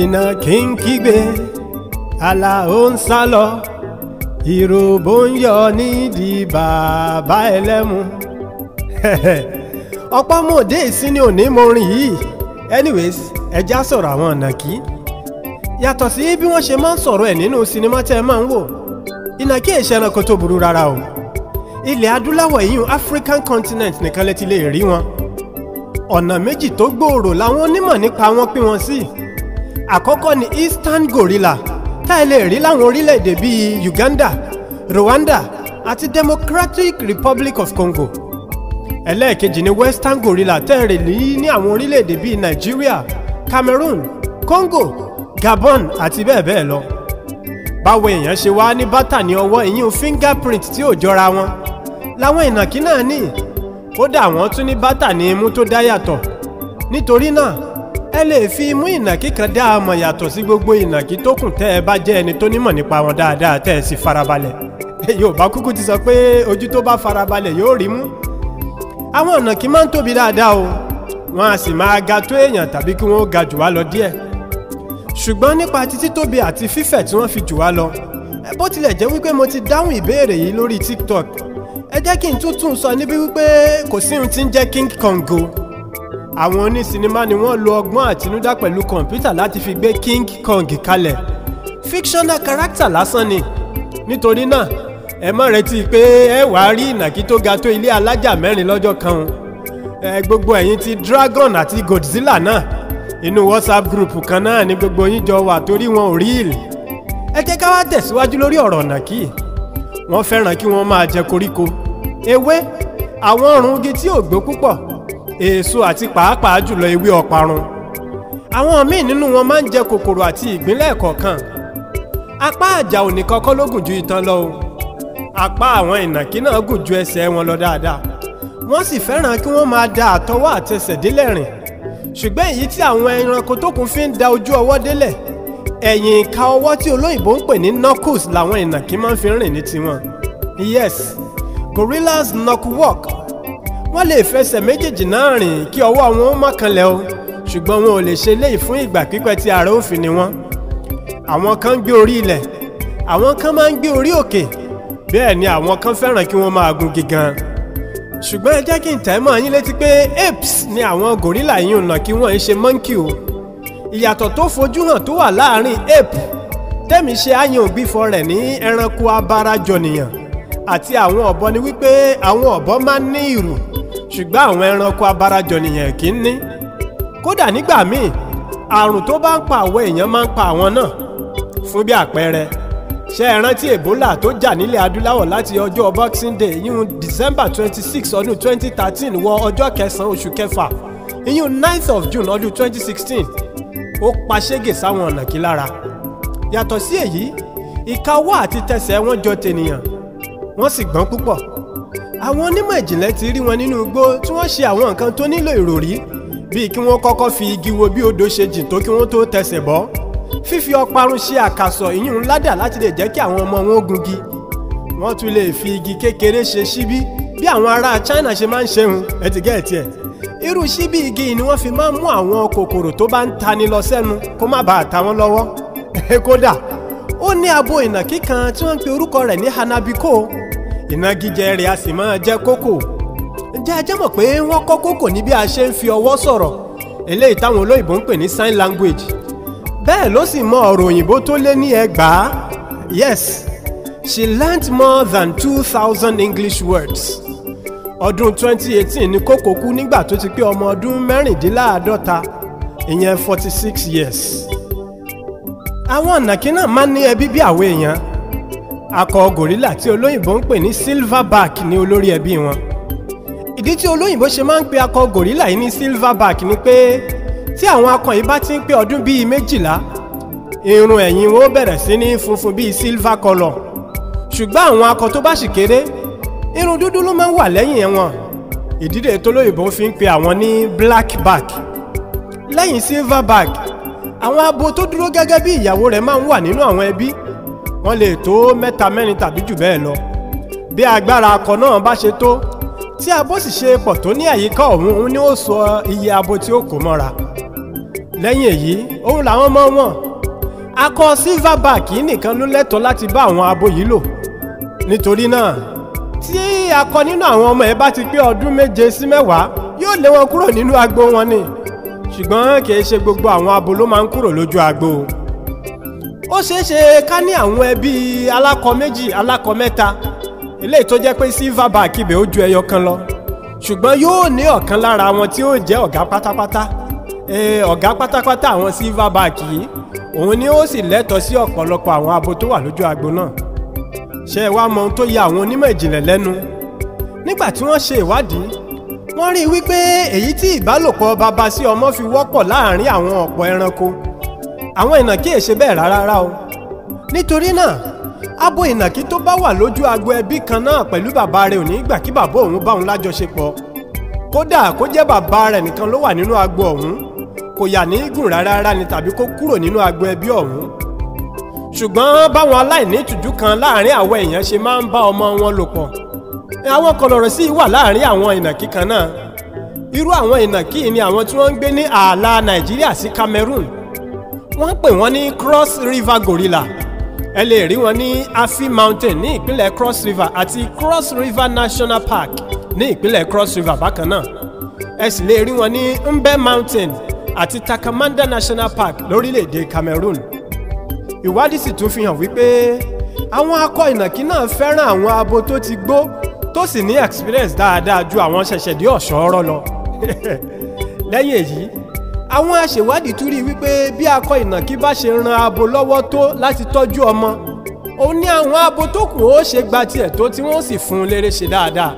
ìnàkí ń kígbe àlàó ń sálọ ìròbó ń yọ nídìí bàbá ẹlẹ́mu ọ̀pọ̀ mòde ìsinmi òní mo rìn yìí anyways ẹja sọ̀rọ̀ àwọn ìnàkí yàtọ̀ sí bí wọ́n ṣe máa ń sọ̀rọ̀ ẹ̀ nínú sinimá tẹ́ ẹ máa ń wò ìnàkí ìṣẹ̀ranko tó burú rárá o ilẹ̀ adúláwọ̀ yìí African continent nìkan lè ti lè rí wọn ọ̀nà méjì tó gbòòrò làwọn onímọ̀ nípa wọn pín wọn sí. Si àkọ́kọ́ ni eastern gorilla tá ẹ lè rí láwọn orílẹ̀-èdè bíi Uganda Rwanda àti Democratic Republic of Congo ẹlẹ́ẹ̀kejì ni western gorilla tẹ́ ẹ lè rí ní àwọn orílẹ̀-èdè bíi Nigeria Cameroon Congo Gabon àti bẹ́ẹ̀ bẹ́ẹ̀ lọ báwo èèyàn ṣe wá ní bátà ní ọwọ́ ìyún fingerprint tí ò jọra wọn làwọn ìnàkí náà ní kódà wọ́n tún ní bátà ní imú tó dá yàtọ̀ nítorí náà ẹ lè fi mú ìnàkí kan dá a mọ̀ yàtọ̀ sí gbogbo ìnàkí tó kù tẹ́ ẹ bá jẹ́ ẹni tó nímọ̀ nípa wọn dáadáa tẹ́ ẹ sì farabalẹ̀ yorùbá kúkú ti sọ pé ojú tó bá farabalẹ̀ yóò rí mú àwọn ìnàkí máa ń tóbi dáadáa o wọn a sì máa ga tó èèyàn tàbí kí wọn ó ga jù wá lọ díẹ̀ ṣùgbọ́n nípa títí tóbi àti fífẹ̀ tí wọ́n fi jù wá lọ bó tilẹ̀ jẹ́ wípé mo ti dáhùn ìbéèrè yìí lórí TikTok ẹ jẹ́ kí n tún tún sọ níbi wípé kò sí ohun tí ń jẹ́ King Kong o àwọn onísinimá ni wọ́n lo ọgbọ́n àtinúdá pẹ̀lú kọ̀ǹpútà láti fi gbé King Kong kalẹ̀ fictional character lásán ni nítorí náà ẹ má retí pé ẹ wàá rí ìnàkí tó ga tó ilé alájà mẹ́rin lọ́jọ́ kan ẹ gbogbo ẹ̀yin ti Dragon àti Godzilla náà inú WhatsApp group kan náà ni gbogbo yín jọ wà torí wọn ò rí ìlì ẹ jẹ́ ká wá tẹ̀síwájú lórí ọ̀rọ̀ ìnàkí wọ́n fẹ́ràn kí wọ́n máa jẹ koríko ewé àwọn ọ̀rùn igi tí ò gbó púpọ̀ èso àti pàápàá jùlọ ewé ọ̀parun àwọn míì nínú wọn máa ń jẹ kòkòrò àti ìgbínlẹ̀ kọ̀ọ̀kan apá àjà òní kọ́kọ́ ló gùn ju itan lọ o apá àwọn ìnàkí náà gùn ju ẹsẹ̀ wọn lọ dáadáa wọ́n sì fẹ́ràn kí wọ́n máa da àtọwọ́ àtẹsẹ̀ délẹ̀ rìn ṣùgbọ́n èyí tí àwọn ẹranko tó kún fi ń da ojú ọwọ́ délẹ̀ ẹ̀yìn ìka ọwọ́ tí olóyìnbó ń pè ní knuckles làwọn ìnàkí máa ń fi rìn ní tiwọn yes gorillas knuckle walk wọ́n lè fẹsẹ̀ méjèèjì náà rìn kí ọwọ́ wọn ó má kanlẹ̀ o ṣùgbọ́n wọn ò lè ṣe léyìí fún ìgbà pípẹ́ tí ara ó ni wọ́n àwọn kan ń gbé orí ilẹ̀ àwọn kan máa ń gbé orí òkè bẹ́ẹ̀ ni àwọn kan fẹ́ràn kí wọ́n máa gungi gan ṣùgbọ́n ẹ jẹ́ kí n tẹ̀ mọ́ yín létí pé apes ni àwọn gorilla yìí ń nà kí wọ́n ṣe monkey o ìyàtọ̀ tó fojú hàn tó wà láàárín ape tẹ́mi ṣe àyàn ògbìfọ rẹ̀ ní ẹranko abara jọ̀nìyàn àti àwọn ọ̀bọ ni wípé àwọn ọ̀bọ máa ń ní ìrù ṣùgbọ́n àwọn ẹranko abarajọ nìyẹn kì í ní kódà nígbà míì àrùn tó bá ń pa àwọn èèyàn máa ń pa àwọn náà fún bí àpẹẹrẹ ṣé ẹ rántí Ebola tó jà nílẹ̀ adúláwọ̀ láti ọjọ́ Boxing Day yíyún December twenty six ọdún twenty thirteen wọ ọjọ́ kẹsàn-án oṣù kẹfà yíyún ninth of June ọdún twenty sixteen ó pa ṣége sáwọn ọ̀nà kí lára yàtọ̀ sí èyí ìka ọwọ́ àti tẹsẹ̀ wọn jọ tènìyàn wọ́n sì gbọ́n púpọ̀ àwọn onímọ̀ ìjìnlẹ̀ ti rí wọn nínú igbó tí wọ́n ṣe àwọn nǹkan tó nílò ìròrí bíi kí wọ́n kọ́kọ́ fi igi wo bí odò ṣe jìn tó kí wọ́n tó tẹsẹ̀ bọ́ fífi ọparun ṣe àkàsọ̀ ìyún ládà láti lè jẹ́ kí àwọn ọmọ wọn gungi wọ́n tún lè fi igi kékeré ṣe ṣíbí bí àwọn ará China ṣe máa ń ṣeun ẹtìgẹ́ẹ̀tì ẹ̀ irú ṣíbí igi ni wọ́n fi máa ń mú àwọn kòkòrò tó bá ń tani lọ sẹ́nu kó má bàa ta wọ́n lọ́wọ́ kódà ó ní abo ìnàkí kan tí wọ́n ń pe orúkọ rẹ̀ ní hanabiko ìnagijẹ rẹ̀ a sì máa jẹ́ kókò ǹjẹ́ ajẹ́ mọ̀ pé wọ́n kọ́ kókò ní bí a ṣe ń fi ọwọ́ sọ̀rọ̀ eléyìí táwọn olóyìnbó ń pè ní sign language bẹ́ẹ̀ ló sì mọ ọ̀rọ̀ òyìnbó tó lé ní ẹgbàá yes she learnt more than two thousand English words ọdún 2018 ni kókò kú nígbà tó ti pé ọmọ ọdún mẹ́rìndínláàádọ́ta ìyẹn 46 years àwọn ànàkí náà máa ń ní ẹbí bí àwọn èèyàn akọ gorilla tí olóyìnbó ń pè ní silverback ní olórí ẹbí wọn ìdí tí olóyìnbó ṣe máa ń pe akọ gorilla yìí ní silverback ni pé tí àwọn akọ yìí bá ti ń pé ọdún bíi méjìlá irun ẹ̀yìn wọn ó bẹ̀rẹ̀ sí ní funfun bíi silver colour ṣùgbọ́n àwọn akọ tó bá sì kéré irun dúdú ló máa ń wà lẹ́yìn wọn ìdílé tolóyìnbó fi ń pe àwọn ní blackback lẹ́yìn silverback àwọn abo tó dúró gẹ́gẹ́ bí ìyàwó rẹ̀ máa ń wà nínú àwọn ẹbí wọ́n lè tó mẹ́ta mẹ́rin tàbí jù bẹ́ẹ̀ lọ bí agbára akọ náà bá ṣe tó tí abo sì ṣe pọ̀ tó ní àyíká ọ̀hún òun ni ó sọ iye abo tí ó kó mọ́ra lẹ́yìn èyí òun làwọn mọ́ wọn akọ silverback yìí nìkan ló lẹ́tọ̀ọ́ láti bá àwọn abo yìí lò nítorí náà tí akọ nínú àwọn ọmọ ẹ̀ bá ti pé ọdún méje sí mẹ́wàá yóò lé wọn kúrò nínú agbo wọn ni ṣùgbọ́n kì í ṣe gbogbo àwọn abo ló máa ń kúrò lójú agbo ó ṣeé ṣe ká ní àwọn ẹbí alákọ méjì alákọ mẹ́ta eléyìí tó jẹ́ pé silverback ibẹ̀ ó ju ẹyọ kan lọ ṣùgbọ́n yóò ní ọ̀kan lára wọn tí ó jẹ́ ọ̀gá pátápátá ọ̀gá pátápátá àwọn silverback yìí òun ni ó sì lẹ́tọ̀ọ́ sí ọ̀pọ̀lọpọ̀ àwọn abo tó wà lójú agbo náà ṣé ẹ wá mọ ohun tó ya àwọn onímọ̀ ìjìnlẹ̀ lẹ́nu nígbà tí wọ́n ṣe ìwádìí wọ́n rí i wípé èyí tí ìbálòpọ̀ baba sí ọmọ fi wọ́pọ̀ láàárín àwọn ọ̀pọ̀ ẹranko àwọn ìnàkí èṣe bẹ́ẹ̀ rárá rárá o nítorí náà abo ìnàkí tó bá wà lójú agbo ẹbí kan náà pẹ̀lú bàbá rẹ̀ ò ní gbà kí bàbá òun bá òun lájọṣepọ̀ kódà kó jẹ́ bàbá rẹ̀ nìkan ló wà nínú agbo ọ̀hún kò yà ní gùn rárá rárá ni tàbí kó kúrò nínú agbo ẹbí ọ̀hún ṣùgbọ́n báwọn aláìní ìtújú kan láàrin àwọn èèyàn ṣe máa ń bá ọmọ wọn lò pọ̀ àwọn kọlọ̀rọ̀ sí wà láàrin àwọn ìnàkí kan náà irú àwọn ìnàkí ni àwọn tí wọ́n ń gbé ní ààlà Nàìjíríà sí Cameroon wọ́n pè wọ́n ní cross river gorilla ẹ lè rí wọn ní afi mountain ní ìpínlẹ̀ cross river àti cross river national park ní ìpínlẹ̀ cross river bákan náà ẹ sì lè rí wọn ní mbe mountain àti takamanda national park lórílẹ̀‐èdè cameroon ìwádìí sì tún fi hàn wípé àwọn akọ ìnàkí náà fẹ́ràn àwọn abo tó ti gbó tó sì ní experience dáadáa ju àwọn ṣẹ̀ṣẹ̀dí ọ̀ṣọ́rọ́ lọ lẹ́yìn èyí àwọn aṣèwádìí tún rí i wípé bí akọ ìnàkí bá ṣe ran abo lọ́wọ́ tó láti tọ́jú ọmọ òun ní àwọn abo tó kù ó ṣe gba tiẹ̀ tó tí wọ́n sì fún un lérè ṣe dáadáa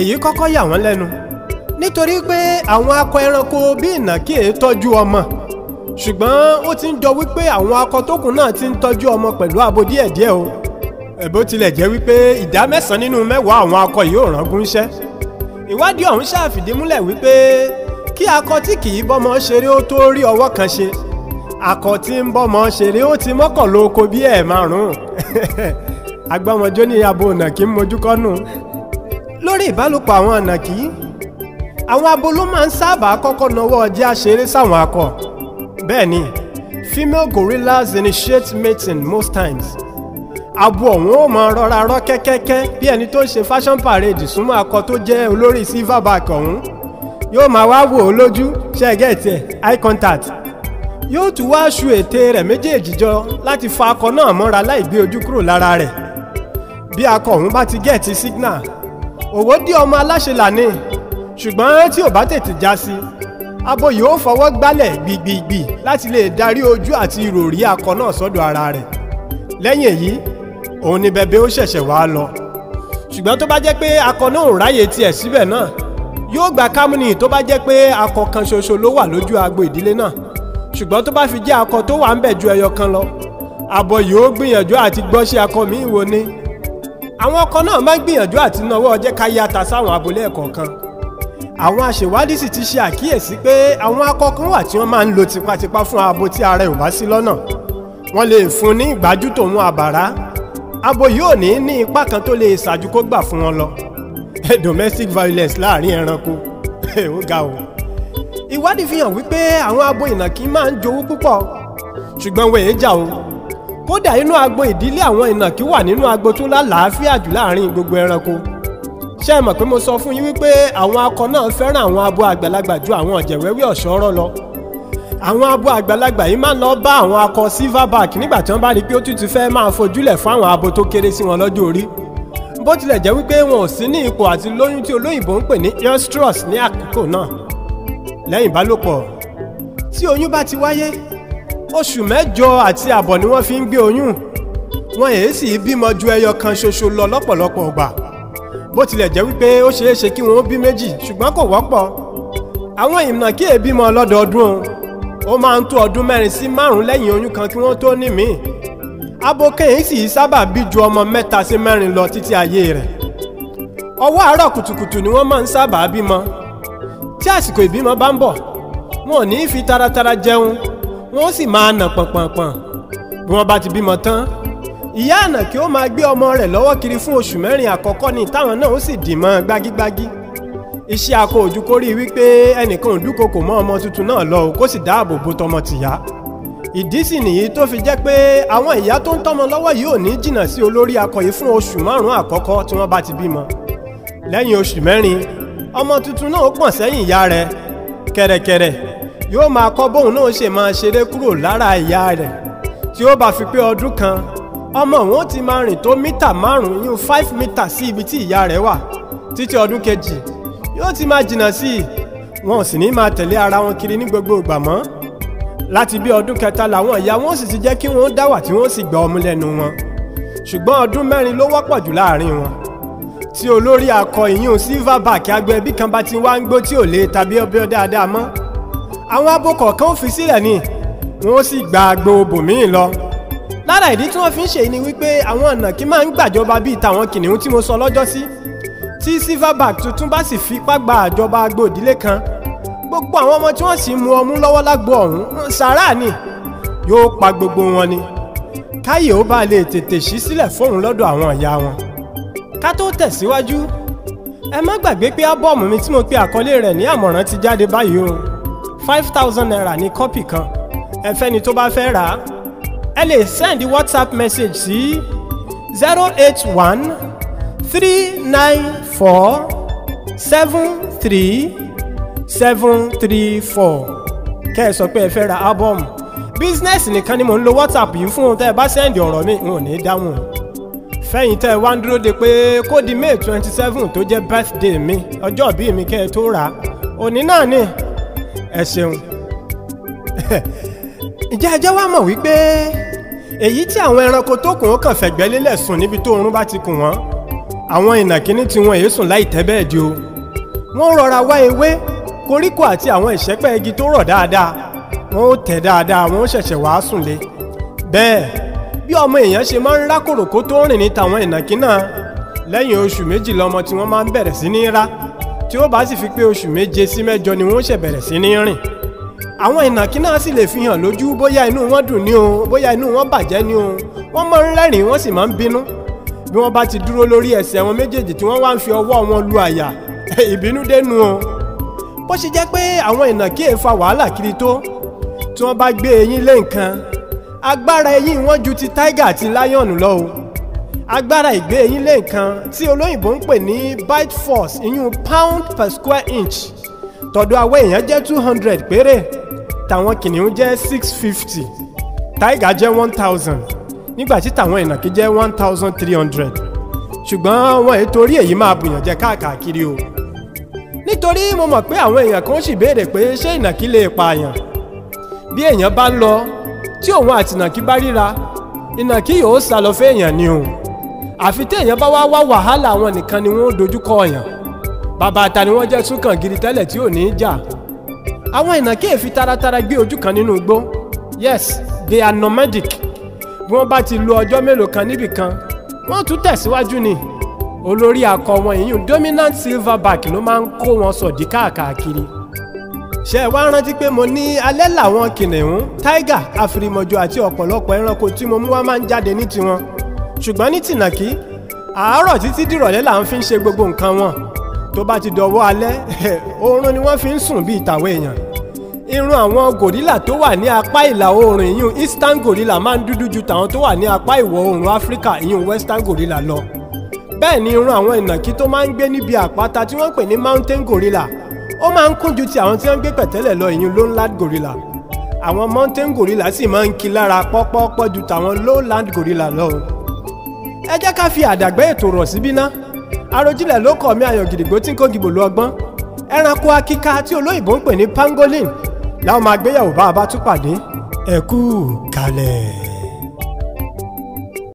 èyí kọ́kọ́ yà wọ́n lẹ́nu nítorí pé àwọn akọ ẹranko bí ìnàkí èé e tọ́jú ọmọ ṣùgbọ́n ó ti ń jọ wípé àwọn akọ tó kù náà ti ń tọ́jú ọmọ pẹ̀lú abo díẹ̀díẹ̀ o bó tilẹ̀ jẹ́ wípé ìdá mẹ́sàn-án nínú mẹ́wàá àwọn akọ yìí ò rángún ìwádìí ọ̀hún ṣàfìdí múlẹ̀ wípé kí akọ tí kì í bọ́mọ ṣeré ó tó rí ọwọ́ kan ṣe akọ tí ń bọ́mọ ṣeré ó ti mọ́kànlá oko bí ẹ̀ márùn-ún agbọ́mọjó ní abo nàkí ń mojú kọ́nù lórí ìbálòpọ̀ àwọn nàkí àwọn abo ló máa ń sábà kọ́kọ́ nawọ́ ọjà ṣeré sáwọn akọ bẹ́ẹ̀ ni female gorillas initiate mating most times abo ọ̀hún ó mọ rọra rọ kẹ́kẹ́kẹ́ bí ẹni tó ṣe fashion parade súnmọ́ akọ tó jẹ́ olórí silverback ọ̀hún yóò máa wá wò ó lójú ṣẹ́gẹ̀tì ẹ̀ eye contact yóò tún wá ṣu ètè rẹ̀ méjèèjì jọ láti fa akọ náà mọ́ra láì gbé ojú kúrò lára rẹ̀ bí akọ ọ̀hún bá ti gẹ̀ẹ́tì signal òwò dí ọmọ aláṣẹ lànà ṣùgbọ́n tí ò bá tètè já sí abo yìí ó fọwọ́ gbálẹ̀ gbìgbìgbì láti lè darí ojú àti ìròrí akọ náà sọ́dọ̀ ara rẹ̀ lẹ́yìn èyí òun ni bẹ̀bẹ̀ ó ṣẹ̀ṣẹ̀ wá lọ ṣùgbọ́n tó bá jẹ́ pé akọ náà ò ráyè tiẹ̀ síbẹ̀ náà yóò gba kámúnì tó bá jẹ́ pé akọ kan ṣoṣo ló wà lójú agbo ìdílé náà ṣùgbọ́n tó bá fi jẹ́ akọ tó wà ń bẹ̀ ju ẹyọ kan lọ àbọ̀ yóò gbìyànjú àti gbọ́ sí akọ míì wo ni àwọn ọkọ náà máa ń gbìyànjú àti náwó ọjẹ́ ká yàtà sáwọn abúlé ẹ̀kọ̀ọ̀kan àwọn aṣèwádìí sì ti ṣe àkíyèsí pé àwọn akọ kan wà tí wọ́n máa ń lo tipátipá fún abo tí ara ẹ̀ ò bá sí lọ́nà wọ́n lè fún ní ìgbájú tòun àbàrá abo yóò ní ní ipá kan tó lè ṣàjú kó gbà fún wọn lọ domestic violence láàrin ẹranko ó ga o. ìwádìí fi hàn wípé àwọn abo ìnàkí máa ń jowú púpọ̀ ṣùgbọ́n wọ́n èé jà o. kódà inú agbo ìdílé àwọn ìnàkí wà nínú agbo tó lálàáfíà jù láàrin gbogbo ẹranko. ṣé ẹ mọ̀ pé mo sọ fún yín wípé àwọn akọ náà fẹ́ràn àwọn abo àgbàlagbà ju àwọn ọ̀jẹ̀wẹ́wẹ́ ọ̀ṣọ́rọ́ lọ. àwọn abo àgbàlagbà yìí máa ń lọ bá àwọn akọ silverback nígbà tí wọ́n bá rí i pé ó tún ti fẹ́ máa fojúlẹ̀ fún àwọn abo tó kéré sí wọn lọ́jọ́ orí bó tilẹ̀ jẹ́ wípé wọn ò sí ní ipò àti lóyún tí olóyìnbó ń pè ní estrus ní àkókò náà lẹ́yìn ìbálòpọ̀ tí oyún bá ti wáyé oṣù mẹ́jọ àti àbọ̀ ni wọ́n fi ń gbé oyún wọn èé sì bímọ ju ẹyọ kan ṣoṣo lọ lọ́pọ̀lọpọ̀ ọgbà bó tilẹ̀ jẹ́ wípé ó ṣeé ṣe kí wọ́n bí méjì ṣùgbọ́n kò wọ́pọ̀ àwọn ìnàkí èbímọ lọ́dọọdún ó máa ń tó ọdún mẹ́rin sí márùn-ún lẹ́yìn oyún kan kí wọ́n tó ní míì abo kẹ́hìn sì sábà bí ju ọmọ mẹ́ta sí mẹ́rin lọ títí ayé rẹ̀ ọwọ́ àárọ̀ kùtùkùtù ni wọ́n máa ń sábà bímọ tí àsìkò ìbímọ bá ń bọ̀ wọn ò ní í fi taratara jẹun wọn ó sì máa nà pọ̀npọ̀npọ̀n bí wọ́n bá ti bímọ tán ìyá ànà kí ó máa gbé ọmọ rẹ̀ lọ́wọ́ kiri fún oṣù mẹ́rin àkọ́kọ́ ni táwọn náà ó sì dì mọ́ gbágígbágí iṣẹ́ akọ òjú kórí wípé ẹnìkan ò dúnkokò mọ́ ọmọ tuntun náà lọ kó sì dáàbò bo tọmọ tìyá ìdí sì nìyí tó fi jẹ́ pé àwọn ìyá tó ń tọ́mọ lọ́wọ́ yìí ò ní jìnnà sí olórí akọ̀yí fún oṣù márùn-ún àkọ́kọ́ tí wọ́n bá ti bímọ lẹ́yìn oṣù mẹ́rin ọmọ tuntun náà ó pọ̀n sẹ́yìn ìyá rẹ̀ kẹ̀rẹ̀kẹ̀rẹ̀ yóò máa kọ́ bóun náà ṣe máa ṣeré kúrò lára ìyá rẹ̀ tí ó bá fi pé ọdún kan ọmọ òun ó ti máa rìn tó mítà márùn-ún yún five mítà sí ibi tí ìyá rẹ̀ wà títí ọdún kejì yóò ti máa jìnnà sí i wọn ò sì ní máa tẹ̀lé ara wọn kiri ní gbogbo ìgbà mọ́ láti bí ọdún kẹta làwọn ìyá wọn sì ti jẹ́ kí wọ́n dáwà tí wọ́n sì gba ọmú lẹ́nu wọn ṣùgbọ́n ọdún mẹ́rin ló wọ́pọ̀ jù láàrin wọn tí olórí akọ ìyún silverback agbẹ̀bí kan bá ti wá ń gbó tí ò lè tàbí ọbẹ̀ dáadáa mọ́ àwọn abokọ̀ kan fi sílẹ̀ ni wọ́n sì gba agbo bòmíì lọ lára ìdí tí wọ́n fi ń ṣe ni wípé àwọn ọ̀nàkí máa ń gbàjọba bíi tàwọn kìnìún tí mo sọ lọ́jọ́ sí tí silverback tuntun bá sì fipá gba àjọba agbo kan gbogbo àwọn ọmọ tí wọ́n sì mú ọmú lọ́wọ́ lágbo ọ̀hún sàrà ni yóò pa gbogbo wọn ni káyè ó bá lè tètè ṣí sílẹ̀ fóun lọ́dọ̀ àwọn ìyá wọn. ká tó tẹ̀síwájú ẹ má gbàgbé pé ábọ́ọ̀mù mi tí mo pe àkọlé rẹ̀ ní àmọ̀ràn ti jáde báyìí o five thousand naira ní kọ́pì kan ẹ fẹ́ni tó bá fẹ́ rà á ẹ lè send whatsapp message sí zero eight one three nine four seven three seven three four kẹ́ ẹ sọ pé ẹ fẹ́ ra album business nìkan ni mò ń lo whatsapp yìí fún un tẹ́ ẹ bá sẹ́ndì ọ̀rọ̀ mi n ò ní dáhùn fẹ́yìn tẹ́ ẹ wá ń dúró de pé kó may twenty seven tó jẹ́ birthday mi ọjọ́ bí mi kẹ́ ẹ tó rà á òní náà ni ẹ ṣeun ǹjẹ́ ẹjẹ́ wá mọ̀ wípé èyí tí àwọn ẹranko tó kùn ó kàn fẹ̀gbẹ́ lélẹ̀ sùn níbi tó oorun bá ti kùn wọ́n àwọn ìnàkíní tiwọn èyí sùn láì tẹ́ bẹ́ẹ̀ di o wọ́n rọra wá ewé koríko àti àwọn ìṣẹ́pẹ́ igi tó rọ̀ dáadáa wọn ó tẹ̀ dáadáa wọn ó ṣẹ̀ṣẹ̀ wàá sùn lé bẹ́ẹ̀ bí ọmọ èèyàn ṣe máa ń rá kòròkó tó rìn ní tàwọn ìnàkí náà lẹ́yìn oṣù méjì lọmọ tí wọ́n máa ń bẹ̀rẹ̀ sí ní rá tí ó bá sì fi pé oṣù méje sí mẹ́jọ ni wọ́n ṣẹ̀ bẹ̀rẹ̀ sí ní rìn àwọn ìnàkí náà sì lè fi hàn lójú bóyá inú wọn dùn ní o bóyá inú wọn bàjẹ́ ní o wọ́n máa ń rẹ́rìn wọ́n sì máa ń bínú bí wọ́n bá ti dúró lórí ẹsẹ̀ wọn méjèèjì tí wọ́n wá ń fi ọwọ́ wọn lu àyà ìbínú dénú o bó ṣe jẹ́ pé àwọn ìnàkí ẹ̀ fa wàhálà kiri tó tí wọ́n bá gbé eyín lé nǹkan agbára eyín wọn ju ti tiger àti lion lọ o agbára ìgbé eyín lé nǹkan tí olóyìnbó ń pè ní bite force ìyún pound per square inch tọ̀dọ̀ àwọ̀ èèyàn jẹ́ two hundred péré tàwọn kìnìún jẹ́ six fifty tiger jẹ́ one thousand nígbà tí tàwọn ìnàkí jẹ́ one thousand three hundred ṣùgbọ́n wọn ètò orí èyí máa bùyànjẹ káàkiri o nítorí mo mọ̀ pé àwọn èèyàn kan sì béèrè pé ṣé ìnàkí lè pààyàn bí èèyàn bá ń lọ tí òun àti ìnàkí bá ríra ìnàkí yóò sá lọ fẹ́ èèyàn ni o àfi téèyàn bá wá wá wàhálà àwọn nìkan ni wọ́n dojúkọ èèyàn bàbá ata ni wọ́n jẹ́ súnkàn gidi tẹ́lẹ̀ tí ò ní í jà àwọn ìnàkí èfi taratara gbé ojú kan nínú igbó yes they are nomadic bí wọ́n bá ti lo ọjọ́ mélòó kan níbì wọ́n tún tẹ̀síwájú ni olórí akọ wọn ìyún dominant silverback ló máa ń kó wọn sọ̀dí káàkiri ṣe wá rántí pé mo ní alẹ́ làwọn kìnìún tiger àfìrìmọ̀jò àti ọ̀pọ̀lọpọ̀ ẹranko tí mo mú wá máa ń jáde ní tiwọn ṣùgbọ́n ní tìnàkí àárọ̀ títí dìrọ̀lẹ́ là ń fi ń ṣe gbogbo nǹkan wọn tó bá ti dọ̀wọ́ alẹ́ oorun ni wọ́n fi ń sùn bíi tàwọn èèyàn irun àwọn gòrílà tó wà ní apá ìlà oòrùn ìyún eastern gorilla máa ń dúdú ju tàwọn tó wà ní apá ìwọ̀ oòrùn áfíríkà ìyún western gorilla lọ bẹ́ẹ̀ ni irun àwọn ìnàkí tó máa ń gbé níbi àpáta tí wọ́n pè ní mountain gorilla ó máa ń kún ju ti àwọn tí wọ́n ń gbé pẹ̀tẹ́lẹ̀ lọ ìyún lowland gorilla àwọn mountain gorilla sì máa ń ki lára pọ́pọ́pọ́ ju tàwọn lowland gorilla lọ. ẹ jẹ́ ká fi àdàgbé ètò rọ̀ síbí ná Àròjinlẹ̀ ló kọ̀ mí ayọ̀ gidigbo tí ń kó gìbò lu ọgbọ́n ẹranko akíka tí olóyìnbó ń pè ní pangolin làwọn máa gbéyàwó bá a bá tún pàdé ẹ kalẹ̀.